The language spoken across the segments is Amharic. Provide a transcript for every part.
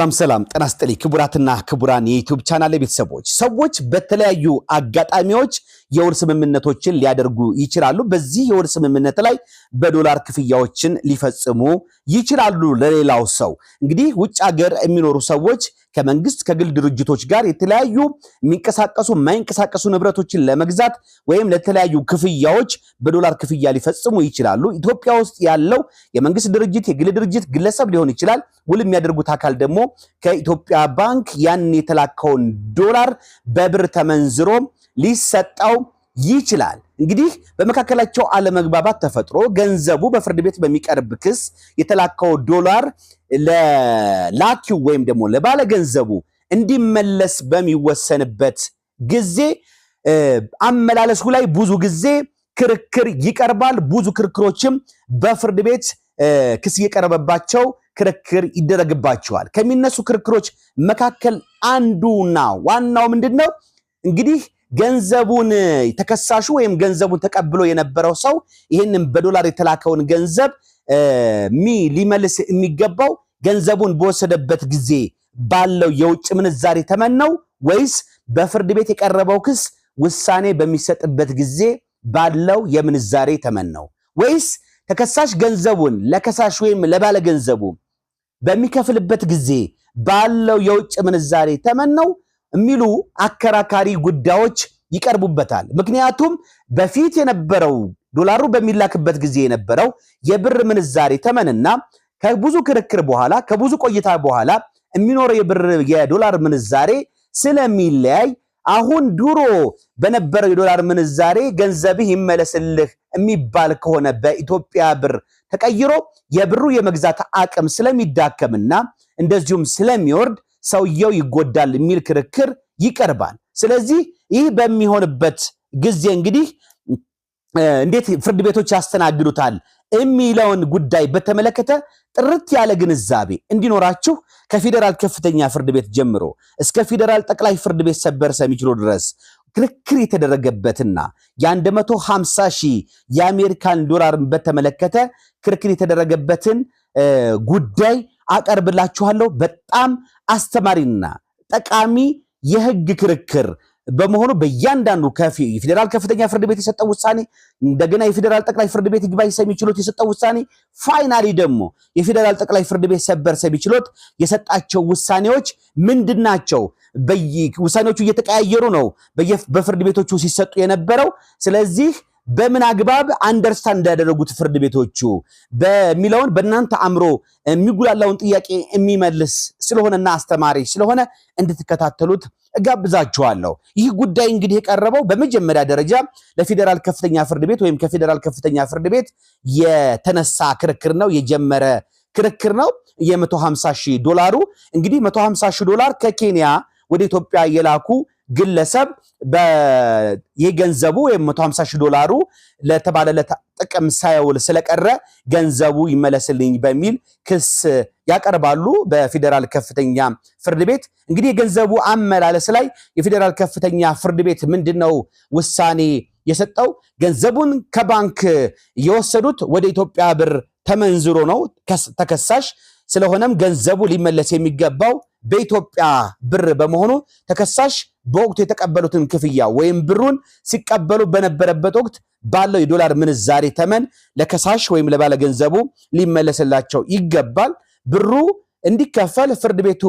ሰላም ሰላም ጤና ይስጥልኝ ክቡራትና ክቡራን የዩቲዩብ ቻናል ቤተሰቦች። ሰዎች በተለያዩ አጋጣሚዎች የውል ስምምነቶችን ሊያደርጉ ይችላሉ። በዚህ የውል ስምምነት ላይ በዶላር ክፍያዎችን ሊፈጽሙ ይችላሉ ለሌላው ሰው። እንግዲህ ውጭ ሀገር የሚኖሩ ሰዎች ከመንግስት ከግል ድርጅቶች ጋር የተለያዩ የሚንቀሳቀሱ የማይንቀሳቀሱ ንብረቶችን ለመግዛት ወይም ለተለያዩ ክፍያዎች በዶላር ክፍያ ሊፈጽሙ ይችላሉ። ኢትዮጵያ ውስጥ ያለው የመንግስት ድርጅት፣ የግል ድርጅት፣ ግለሰብ ሊሆን ይችላል። ውል የሚያደርጉት አካል ደግሞ ከኢትዮጵያ ባንክ ያን የተላከውን ዶላር በብር ተመንዝሮ ሊሰጠው ይችላል። እንግዲህ በመካከላቸው አለመግባባት ተፈጥሮ ገንዘቡ በፍርድ ቤት በሚቀርብ ክስ የተላከው ዶላር ለላኪው ወይም ደግሞ ለባለ ገንዘቡ እንዲመለስ በሚወሰንበት ጊዜ አመላለሱ ላይ ብዙ ጊዜ ክርክር ይቀርባል። ብዙ ክርክሮችም በፍርድ ቤት ክስ እየቀረበባቸው ክርክር ይደረግባቸዋል። ከሚነሱ ክርክሮች መካከል አንዱና ዋናው ምንድን ነው? እንግዲህ ገንዘቡን ተከሳሹ ወይም ገንዘቡን ተቀብሎ የነበረው ሰው ይህንን በዶላር የተላከውን ገንዘብ ሊመልስ የሚገባው ገንዘቡን በወሰደበት ጊዜ ባለው የውጭ ምንዛሪ ተመን ነው ወይስ በፍርድ ቤት የቀረበው ክስ ውሳኔ በሚሰጥበት ጊዜ ባለው የምንዛሬ ተመን ነው ወይስ ተከሳሽ ገንዘቡን ለከሳሽ ወይም ለባለ ገንዘቡ በሚከፍልበት ጊዜ ባለው የውጭ ምንዛሬ ተመን ነው የሚሉ አከራካሪ ጉዳዮች ይቀርቡበታል። ምክንያቱም በፊት የነበረው ዶላሩ በሚላክበት ጊዜ የነበረው የብር ምንዛሬ ተመንና ከብዙ ክርክር በኋላ ከብዙ ቆይታ በኋላ የሚኖረው የብር የዶላር ምንዛሬ ስለሚለያይ አሁን ድሮ በነበረው የዶላር ምንዛሬ ገንዘብህ ይመለስልህ የሚባል ከሆነ በኢትዮጵያ ብር ተቀይሮ የብሩ የመግዛት አቅም ስለሚዳከምና እንደዚሁም ስለሚወርድ ሰውየው ይጎዳል የሚል ክርክር ይቀርባል። ስለዚህ ይህ በሚሆንበት ጊዜ እንግዲህ እንዴት ፍርድ ቤቶች ያስተናግዱታል የሚለውን ጉዳይ በተመለከተ ጥርት ያለ ግንዛቤ እንዲኖራችሁ ከፌዴራል ከፍተኛ ፍርድ ቤት ጀምሮ እስከ ፌዴራል ጠቅላይ ፍርድ ቤት ሰበር ሰሚ ችሎት ድረስ ክርክር የተደረገበትና የ150 ሺህ የአሜሪካን ዶላርን በተመለከተ ክርክር የተደረገበትን ጉዳይ አቀርብላችኋለሁ። በጣም አስተማሪና ጠቃሚ የህግ ክርክር በመሆኑ በእያንዳንዱ የፌዴራል ከፍተኛ ፍርድ ቤት የሰጠው ውሳኔ፣ እንደገና የፌዴራል ጠቅላይ ፍርድ ቤት ይግባኝ ሰሚ ችሎት የሰጠው ውሳኔ፣ ፋይናሊ ደግሞ የፌዴራል ጠቅላይ ፍርድ ቤት ሰበር ሰሚ ችሎት የሰጣቸው ውሳኔዎች ምንድን ናቸው? ውሳኔዎቹ እየተቀያየሩ ነው በፍርድ ቤቶቹ ሲሰጡ የነበረው። ስለዚህ በምን አግባብ አንደርስታንድ እንዳደረጉት ፍርድ ቤቶቹ በሚለውን በእናንተ አእምሮ የሚጉላላውን ጥያቄ የሚመልስ ስለሆነና አስተማሪ ስለሆነ እንድትከታተሉት እጋብዛችኋለሁ። ይህ ጉዳይ እንግዲህ የቀረበው በመጀመሪያ ደረጃ ለፌዴራል ከፍተኛ ፍርድ ቤት ወይም ከፌዴራል ከፍተኛ ፍርድ ቤት የተነሳ ክርክር ነው፣ የጀመረ ክርክር ነው። የ150 ሺህ ዶላሩ እንግዲህ 150 ሺህ ዶላር ከኬንያ ወደ ኢትዮጵያ የላኩ ግለሰብ የገንዘቡ ወይም 150 ሺህ ዶላሩ ለተባለለት ጥቅም ሳይውል ስለቀረ ገንዘቡ ይመለስልኝ በሚል ክስ ያቀርባሉ በፌዴራል ከፍተኛ ፍርድ ቤት። እንግዲህ የገንዘቡ አመላለስ ላይ የፌዴራል ከፍተኛ ፍርድ ቤት ምንድን ነው ውሳኔ የሰጠው? ገንዘቡን ከባንክ የወሰዱት ወደ ኢትዮጵያ ብር ተመንዝሮ ነው ተከሳሽ። ስለሆነም ገንዘቡ ሊመለስ የሚገባው በኢትዮጵያ ብር በመሆኑ ተከሳሽ በወቅቱ የተቀበሉትን ክፍያ ወይም ብሩን ሲቀበሉ በነበረበት ወቅት ባለው የዶላር ምንዛሬ ተመን ለከሳሽ ወይም ለባለ ገንዘቡ ሊመለስላቸው ይገባል። ብሩ እንዲከፈል ፍርድ ቤቱ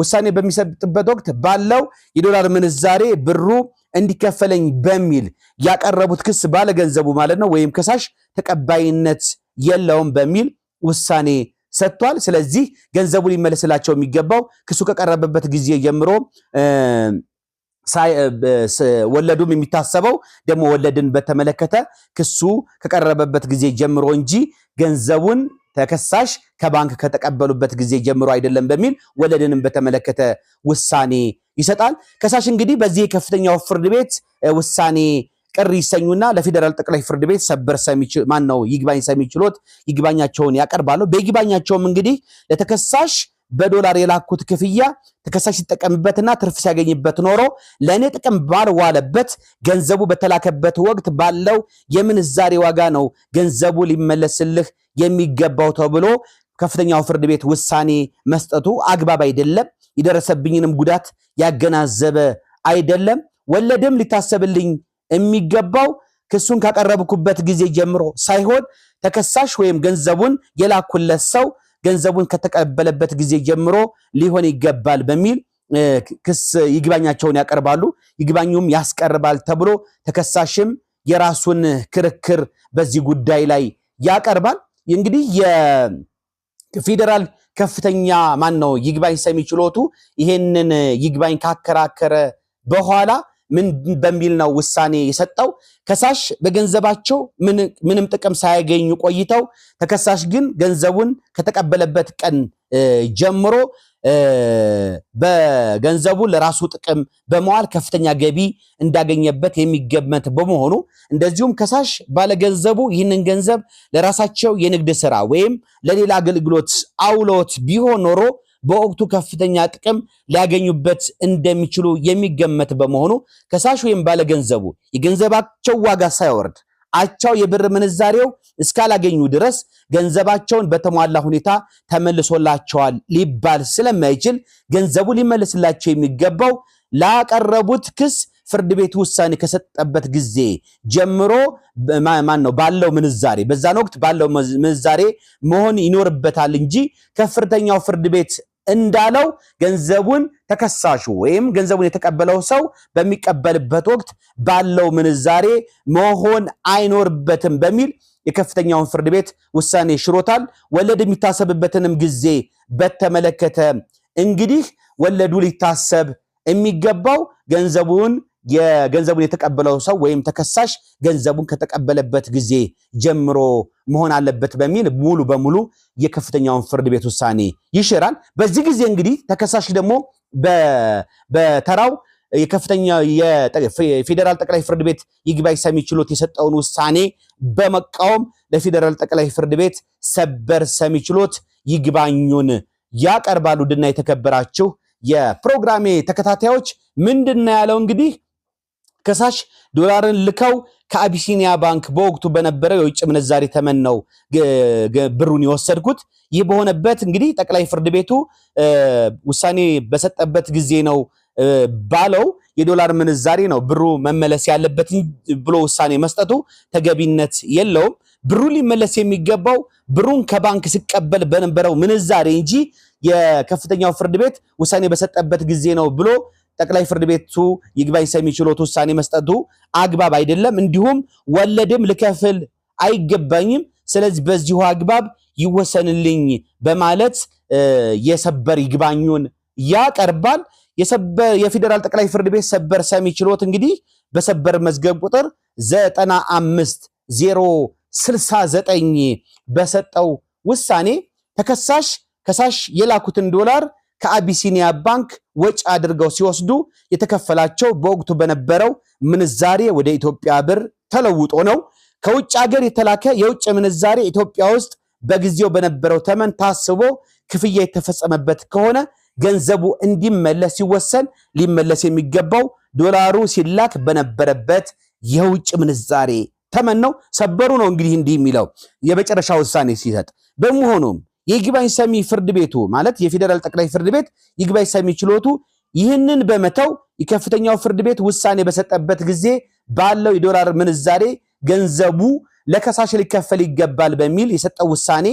ውሳኔ በሚሰጥበት ወቅት ባለው የዶላር ምንዛሬ ብሩ እንዲከፈለኝ በሚል ያቀረቡት ክስ ባለገንዘቡ ማለት ነው ወይም ከሳሽ ተቀባይነት የለውም በሚል ውሳኔ ሰጥቷል። ስለዚህ ገንዘቡ ሊመለስላቸው የሚገባው ክሱ ከቀረበበት ጊዜ ጀምሮ ወለዱም የሚታሰበው ደግሞ ወለድን በተመለከተ ክሱ ከቀረበበት ጊዜ ጀምሮ እንጂ ገንዘቡን ተከሳሽ ከባንክ ከተቀበሉበት ጊዜ ጀምሮ አይደለም በሚል ወለድንም በተመለከተ ውሳኔ ይሰጣል። ከሳሽ እንግዲህ በዚህ የከፍተኛው ፍርድ ቤት ውሳኔ ቅር ይሰኙና ለፌዴራል ጠቅላይ ፍርድ ቤት ሰበር ሰሚ ማን ነው ይግባኝ ሰሚ ችሎት ይግባኛቸውን ያቀርባሉ። በይግባኛቸውም እንግዲህ ለተከሳሽ በዶላር የላኩት ክፍያ ተከሳሽ ሲጠቀምበትና ትርፍ ሲያገኝበት ኖሮ ለእኔ ጥቅም ባልዋለበት ገንዘቡ በተላከበት ወቅት ባለው የምንዛሬ ዋጋ ነው ገንዘቡ ሊመለስልህ የሚገባው ተብሎ ከፍተኛው ፍርድ ቤት ውሳኔ መስጠቱ አግባብ አይደለም። የደረሰብኝንም ጉዳት ያገናዘበ አይደለም። ወለድም ሊታሰብልኝ የሚገባው ክሱን ካቀረብኩበት ጊዜ ጀምሮ ሳይሆን ተከሳሽ ወይም ገንዘቡን የላኩለት ሰው ገንዘቡን ከተቀበለበት ጊዜ ጀምሮ ሊሆን ይገባል በሚል ክስ ይግባኛቸውን ያቀርባሉ። ይግባኙም ያስቀርባል ተብሎ ተከሳሽም የራሱን ክርክር በዚህ ጉዳይ ላይ ያቀርባል። እንግዲህ የፌዴራል ከፍተኛ ማን ነው ይግባኝ ሰሚ ችሎቱ ይሄንን ይግባኝ ካከራከረ በኋላ ምን በሚል ነው ውሳኔ የሰጠው? ከሳሽ በገንዘባቸው ምንም ጥቅም ሳያገኙ ቆይተው ተከሳሽ ግን ገንዘቡን ከተቀበለበት ቀን ጀምሮ በገንዘቡ ለራሱ ጥቅም በመዋል ከፍተኛ ገቢ እንዳገኘበት የሚገመት በመሆኑ እንደዚሁም ከሳሽ ባለገንዘቡ ይህንን ገንዘብ ለራሳቸው የንግድ ስራ ወይም ለሌላ አገልግሎት አውሎት ቢሆን ኖሮ በወቅቱ ከፍተኛ ጥቅም ሊያገኙበት እንደሚችሉ የሚገመት በመሆኑ ከሳሽ ወይም ባለገንዘቡ የገንዘባቸው ዋጋ ሳይወርድ አቻው የብር ምንዛሬው እስካላገኙ ድረስ ገንዘባቸውን በተሟላ ሁኔታ ተመልሶላቸዋል ሊባል ስለማይችል ገንዘቡ ሊመልስላቸው የሚገባው ላቀረቡት ክስ ፍርድ ቤት ውሳኔ ከሰጠበት ጊዜ ጀምሮ ማን ነው ባለው ምንዛሬ በዛን ወቅት ባለው ምንዛሬ መሆን ይኖርበታል እንጂ ከፍተኛው ፍርድ ቤት እንዳለው ገንዘቡን ተከሳሹ ወይም ገንዘቡን የተቀበለው ሰው በሚቀበልበት ወቅት ባለው ምንዛሬ መሆን አይኖርበትም በሚል የከፍተኛውን ፍርድ ቤት ውሳኔ ሽሮታል። ወለድ የሚታሰብበትንም ጊዜ በተመለከተ እንግዲህ ወለዱ ሊታሰብ የሚገባው ገንዘቡን የገንዘቡን የተቀበለው ሰው ወይም ተከሳሽ ገንዘቡን ከተቀበለበት ጊዜ ጀምሮ መሆን አለበት በሚል ሙሉ በሙሉ የከፍተኛውን ፍርድ ቤት ውሳኔ ይሽራል። በዚህ ጊዜ እንግዲህ ተከሳሽ ደግሞ በተራው የከፍተኛው የፌዴራል ጠቅላይ ፍርድ ቤት ይግባኝ ሰሚ ችሎት የሰጠውን ውሳኔ በመቃወም ለፌዴራል ጠቅላይ ፍርድ ቤት ሰበር ሰሚ ችሎት ይግባኙን ያቀርባሉ። ድና የተከበራችሁ የፕሮግራሜ ተከታታዮች ምንድን ነው ያለው እንግዲህ ከሳሽ ዶላርን ልከው ከአቢሲኒያ ባንክ በወቅቱ በነበረው የውጭ ምንዛሪ ተመን ነው ብሩን የወሰድኩት። ይህ በሆነበት እንግዲህ ጠቅላይ ፍርድ ቤቱ ውሳኔ በሰጠበት ጊዜ ነው ባለው የዶላር ምንዛሬ ነው ብሩ መመለስ ያለበት ብሎ ውሳኔ መስጠቱ ተገቢነት የለውም። ብሩ ሊመለስ የሚገባው ብሩን ከባንክ ሲቀበል በነበረው ምንዛሬ እንጂ የከፍተኛው ፍርድ ቤት ውሳኔ በሰጠበት ጊዜ ነው ብሎ ጠቅላይ ፍርድ ቤቱ ይግባኝ ሰሚ ችሎት ውሳኔ መስጠቱ አግባብ አይደለም። እንዲሁም ወለድም ልከፍል አይገባኝም። ስለዚህ በዚሁ አግባብ ይወሰንልኝ በማለት የሰበር ይግባኙን ያቀርባል። የፌዴራል ጠቅላይ ፍርድ ቤት ሰበር ሰሚ ችሎት እንግዲህ በሰበር መዝገብ ቁጥር 95 አምስት በሰጠው ውሳኔ ተከሳሽ ከሳሽ የላኩትን ዶላር ከአቢሲኒያ ባንክ ወጪ አድርገው ሲወስዱ የተከፈላቸው በወቅቱ በነበረው ምንዛሬ ወደ ኢትዮጵያ ብር ተለውጦ ነው። ከውጭ ሀገር የተላከ የውጭ ምንዛሬ ኢትዮጵያ ውስጥ በጊዜው በነበረው ተመን ታስቦ ክፍያ የተፈጸመበት ከሆነ ገንዘቡ እንዲመለስ ሲወሰን ሊመለስ የሚገባው ዶላሩ ሲላክ በነበረበት የውጭ ምንዛሬ ተመን ነው። ሰበሩ ነው እንግዲህ እንዲህ የሚለው የመጨረሻ ውሳኔ ሲሰጥ በመሆኑም የይግባኝ ሰሚ ፍርድ ቤቱ ማለት የፌዴራል ጠቅላይ ፍርድ ቤት ይግባኝ ሰሚ ችሎቱ ይህንን በመተው የከፍተኛው ፍርድ ቤት ውሳኔ በሰጠበት ጊዜ ባለው የዶላር ምንዛሬ ገንዘቡ ለከሳሽ ሊከፈል ይገባል በሚል የሰጠው ውሳኔ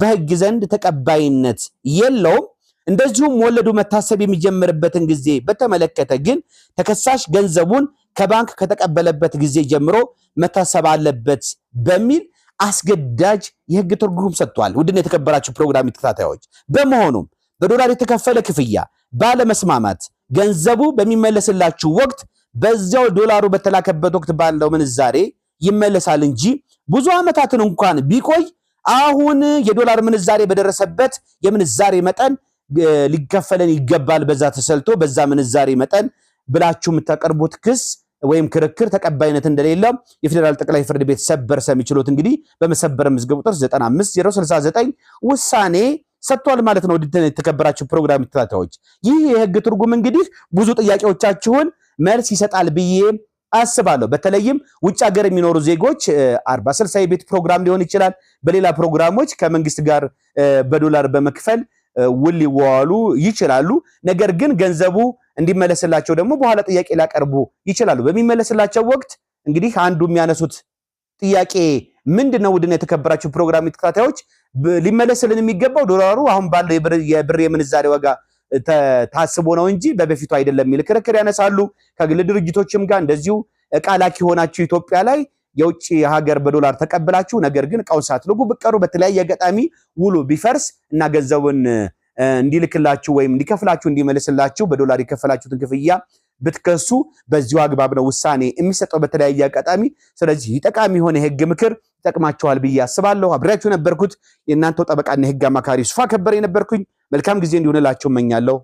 በሕግ ዘንድ ተቀባይነት የለውም። እንደዚሁም ወለዱ መታሰብ የሚጀምርበትን ጊዜ በተመለከተ ግን ተከሳሽ ገንዘቡን ከባንክ ከተቀበለበት ጊዜ ጀምሮ መታሰብ አለበት በሚል አስገዳጅ የህግ ትርጉም ሰጥቷል። ውድን የተከበራችሁ ፕሮግራም ተከታታዮች፣ በመሆኑም በዶላር የተከፈለ ክፍያ ባለመስማማት ገንዘቡ በሚመለስላችሁ ወቅት በዚያው ዶላሩ በተላከበት ወቅት ባለው ምንዛሬ ይመለሳል እንጂ ብዙ ዓመታትን እንኳን ቢቆይ አሁን የዶላር ምንዛሬ በደረሰበት የምንዛሬ መጠን ሊከፈለን ይገባል፣ በዛ ተሰልቶ በዛ ምንዛሬ መጠን ብላችሁ የምታቀርቡት ክስ ወይም ክርክር ተቀባይነት እንደሌለው የፌዴራል ጠቅላይ ፍርድ ቤት ሰበር ሰሚ ችሎት እንግዲህ በመሰበር መዝገብ ቁጥር 95069 ውሳኔ ሰጥቷል ማለት ነው። ድትን የተከበራችሁ ፕሮግራም ተከታታዮች ይህ የህግ ትርጉም እንግዲህ ብዙ ጥያቄዎቻችሁን መልስ ይሰጣል ብዬ አስባለሁ። በተለይም ውጭ ሀገር የሚኖሩ ዜጎች አርባ ስልሳ የቤት ፕሮግራም ሊሆን ይችላል። በሌላ ፕሮግራሞች ከመንግስት ጋር በዶላር በመክፈል ውል ሊዋዋሉ ይችላሉ። ነገር ግን ገንዘቡ እንዲመለስላቸው ደግሞ በኋላ ጥያቄ ሊያቀርቡ ይችላሉ። በሚመለስላቸው ወቅት እንግዲህ አንዱ የሚያነሱት ጥያቄ ምንድን ነው? ውድን የተከበራችሁ ፕሮግራም ተከታታዮች፣ ሊመለስልን የሚገባው ዶላሩ አሁን ባለው የብር የምንዛሬ ዋጋ ታስቦ ነው እንጂ በበፊቱ አይደለም የሚል ክርክር ያነሳሉ። ከግል ድርጅቶችም ጋር እንደዚሁ እቃ ላኪ የሆናችሁ ኢትዮጵያ ላይ የውጭ ሀገር በዶላር ተቀብላችሁ ነገር ግን እቃውን ሳትልጉ ብቀሩ በተለያየ አጋጣሚ ውሉ ቢፈርስ እና ገንዘቡን እንዲልክላችሁ ወይም እንዲከፍላችሁ እንዲመልስላችሁ በዶላር የከፈላችሁትን ክፍያ ብትከሱ በዚሁ አግባብ ነው ውሳኔ የሚሰጠው በተለያየ አጋጣሚ። ስለዚህ ጠቃሚ የሆነ የህግ ምክር ይጠቅማችኋል ብዬ አስባለሁ። አብሬያችሁ የነበርኩት የእናንተው ጠበቃና የህግ አማካሪ ሱፋ ከበር የነበርኩኝ። መልካም ጊዜ እንዲሆንላችሁ እመኛለሁ።